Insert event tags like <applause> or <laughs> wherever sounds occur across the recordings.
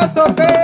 Abrazo, Fe.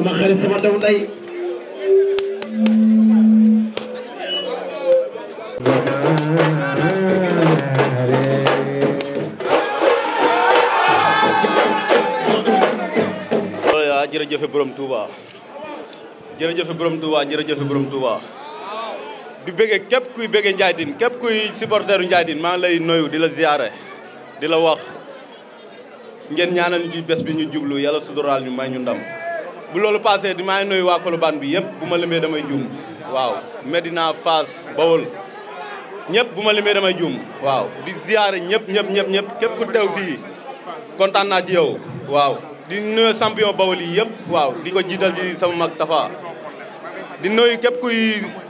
sama xarit sama daw jërëjëfe borom Touba jërëjëfe borom di bëggee képp kuy bëggee Ndiaye Tine képp kuy supporteru Ndiaye Tine maa lay nuyu di la ziyaare di la wax ngeen ñaanal ñu ci bés bi ñu jublu yàlla suturaal ñu may ñu ndam bu loolu paase di maa ngi nuyu waa Colobane bi yëpp bu ma limee damay juum waaw naa Fass Bawol ñëpp bu ma limee damay juum waaw di ziare ñëpp ñëpp ñëpp ñëpp képp ku teew fii kontaan naa ci yow waaw di nuyu champion Bawol yi yëpp waaw di ko jiital ci sama mag Tafa di nuyu képp kuy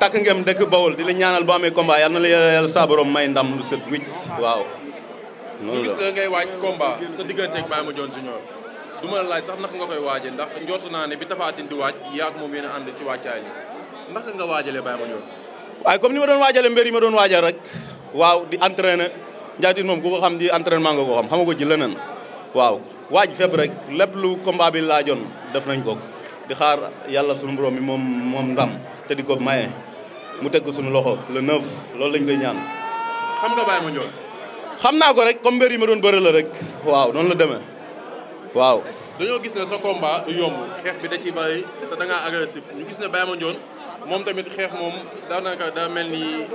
takk ngem dekk Bawol di la ñaanal boo amee combat yal na la yàlla saa may ndam lu set wicc waaw. noonu la gis nga ngay waaj combat sa digganteeg du ma laaj sax naka nga koy waaje ndax njort naa ne bi Tapha Tine di waaj yaag moom yéen a ànd ci wàccaay li naka nga waajalee Baye Mandione waaye comme ni ma doon waajale mbir yi ma doon waajal rek waaw di entraîner njaatin moom ku ko xam di entraînement nga ko xam xama ko ji leneen waaw waaj fépp rek lépp lu combat bi laajoon def nañ ko di xaar yàlla suñu borom mi moom moom ndam te di ko maye mu teg suñu loxo le neuf loolu lañ koy ñaan xam nga Baye Mandione xam naa ko rek comme yi ma doon bëri la rek waaw noonu la demee waaw dañoo gis ne sa yomb xeex bi da ciy bari te da ngaa ñu gis ne Baye Mandione moom tamit xeex moom daanaka daa mel ni euh,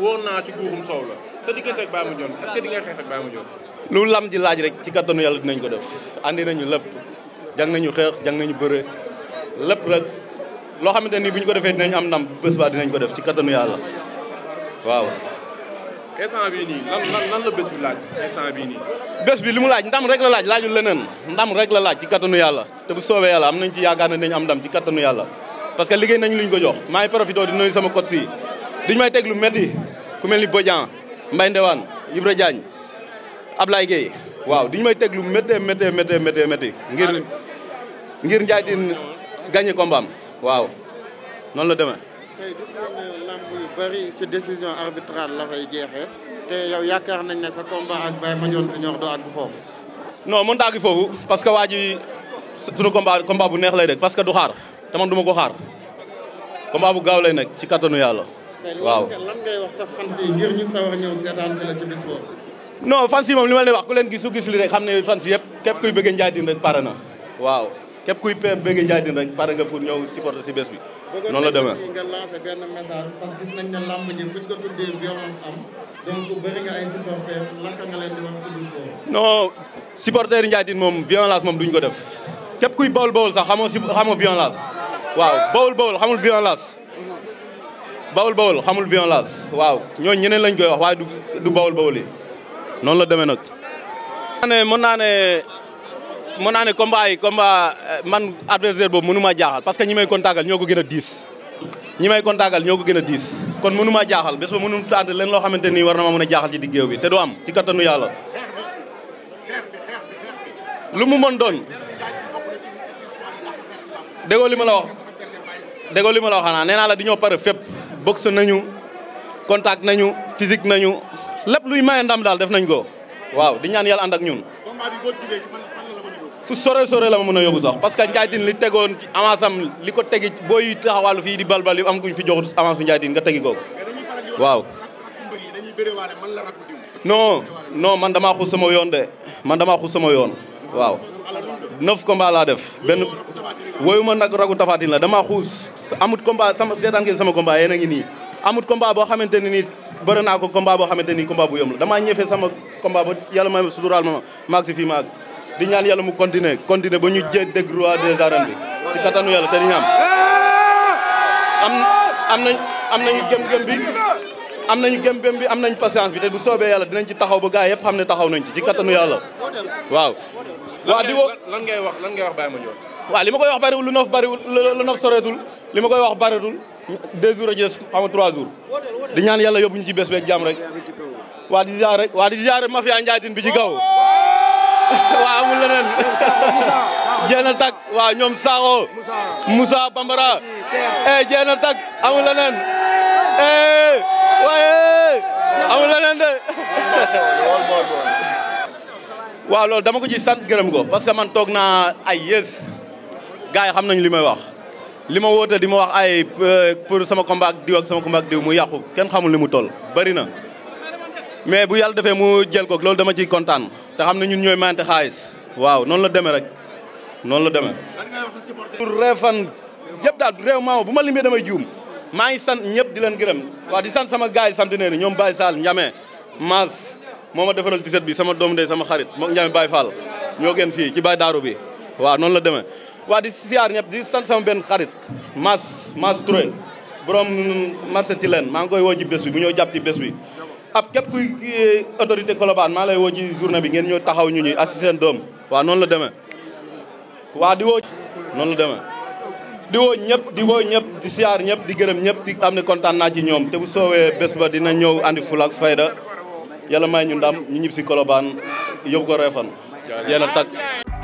wóor naa ci guurum soow la sa diggante ak Baye Mandione est-ce di nga xeex ak Baye Mandione lu lam ji laaj rek ci kattanu yàlla dinañ ko def andi nañu lépp jàng nañu xeex jàng nañu bëre lépp rek loo xamante ni bu ñu ko defee dinañ am ndam bés ba dinañ ko def ci kattanu yàlla waaw instant bii nii lan lan la bés bi laaj instant bii nii. bés bi li mu laaj ndam rek la laaj laajul leneen ndam rek la laaj ci kattanu yàlla te bu soobee yàlla am nañ ci yaakaar ne nañ am ndam ci kattanu yàlla. parce que liggéey nañ luñ ko jox maa ngi profité di nuyu sama coach yi duñ may teg lu métti ku mel ni Bodian Mbaye Ndewane Ibra Diagne Ablaye Gueye waaw duñ may teg lu méttee méttee méttee méttee métti ngir ngir Ndiaye Tine gagné combat am waaw noonu la demee. tey gis nañ bëri ci décision arbitrale la koy jeexee te yow yaakaar nañ ne sa combat ak Baye Mandione Junior doo àgg foofu. non mënut a foofu parce que waa ji sunu combat combat bu neex lay def parce que du xaar te man du ma ko xaar combat bu gaaw lay nekk ci kattanu yàlla. waaw lan ngay wax sa fans yi ngir ñu sawar moom li ma wax ku leen gis su rek xam ne fans yëpp képp kuy bëggee Ndiaye Tine rek pare na waaw képp kuy bëggee Ndiaye Tine rek pare nga pour ñëw supporter si bés bi. noonu la demee bëggoon nga lancer benn message parce que gis leen di wax ci non supporters yi Ndiaye moom duñ ko def képp kuy bawol bawol sax xamoo si xamoo violence waaw bawol bawol xamul violence. bawol bawol xamul violence waaw ñooñu ñeneen lañ koy wax waaye du du bawol bawol noonu la demee nag. mën mën naa ne combat yi combat euh, man adversaire boobu mënu maa jaaxal parce que ñi may kontaagal ñoo ko gën a diis ñi may kontaagal ñoo ko gën a diis kon mënu maa jaaxal bés ba mënu tànn leen loo te nii war na ma mën a jaaxal ci diggéew bi te du am ci kattanu yàlla lu mu mën doon déggoo li ma la wax déggoo li ma la wax xanaa nee naa la di ñoo pare fépp boxe nañu contact nañu physique nañu lépp luy maye ndam daal def nañ ko waaw di ñaan yàlla ànd ñun fu sore sore la ma mën a yóbbu sax parce que Ndiaye Tine li tegoon ci li ko tegi booy taxawal fii di balbal yi am kuñ fi joxut avance bu Ndiaye Tine nga tegi kooku waaw non non man damaa xus sama yoon de man damaa xus sama yoon waaw neuf combat laa def benn woyuma nag ragu tafaatin la damaa xuus amut combat sama seetaan ngeen sama combat yéen a nii amut combat boo xamante ne nii bëri naa ko combat boo xamante nii combat bu yëm la damaa ñëfe sama combat ba yàlla may suturaal di ñaan yàlla mu continuer continuer ba ñu jéeg dégg roi des arènes bi ci kattanu yàlla te di ñaan am am nañ am nañu gëm-gëm bi am nañu gëm-gëm bi am nañ patience bi te du soobee yàlla dinañ ci taxaw ba gars yëpp xam ne taxaw nañ ci ci kattanu yàlla waaw. waaw di woo lan ngay wax lan ngay wax Baye Mandione. waaw li ma koy wax bariwul lu nof bariwul lu nof soreetul li ma koy wax bariwul deux jours a jees xam nga trois jours di ñaan yàlla yóbbu ñu ci bees beeg jàmm rek. waa di ziar rek waa di ziar mafia Njaay bi ci kaw. <laughs> waaw amul leneen. jeex na tàkk ñoom Sakho. Moussa Bambara. Seydou jeex na tàkk amul leneen. Eh, waaye amul leneen de. <laughs> waaw loolu dama ko ci sant gërëm ko parce que man toog naa ay yées gars yi xam nañ li may wax. li ma woote di ma wax ay euh, pour sama combat ak diw ak sama combat ak diw mu yàqu kenn xamul li mu toll bari na mais bu yàlla defee mu jël ko loolu dama ciy kontaan. te xam ne ñun ñooy maante xaalis waaw noonu la demee rek noonu la demee. reefan yëpp daal réewement bu ma limee damay juum maa ngi sant ñëpp di leen gërëm waaw di san sama gars yi sant nee ni ñoom Baye Sall Ndiame Maas moo ma defaral tiset bi sama doom ndey sama xarit moom Ndiame Baye Fall ñoo gën fii ci Baye Daaru bi waaw noonu la demee. waaw di siyaar ñëpp di sant sama benn xarit Maas Maas Touré borom marché Tilène maa ngi koy woo ci bés bi bu ñëw jàpp ci bés bi. ab képp kuy eh, autorité Colobane maa lay woo ci journée bi ngeen ñëw taxaw ñu ñuy assister seen doom waa noonu la demee waa di woo noonu la demee di woo ñëpp di woo ñëpp di siyaar ñëpp di gërëm ñëpp di am ne kontaan naa ci ñoom te bu soowee bés ba dina ñëw andi fula ak fayda yàlla may ñu ndam ñu ñib si Colobane yóbbu ko Réfane jeena